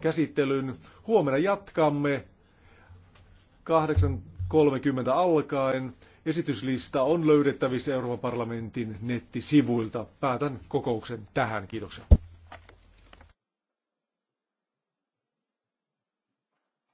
käsittelyn. Huomenna jatkamme 8.30 alkaen. Esityslista on löydettävissä Euroopan parlamentin nettisivuilta. Päätän kokouksen tähän. Kiitoksia.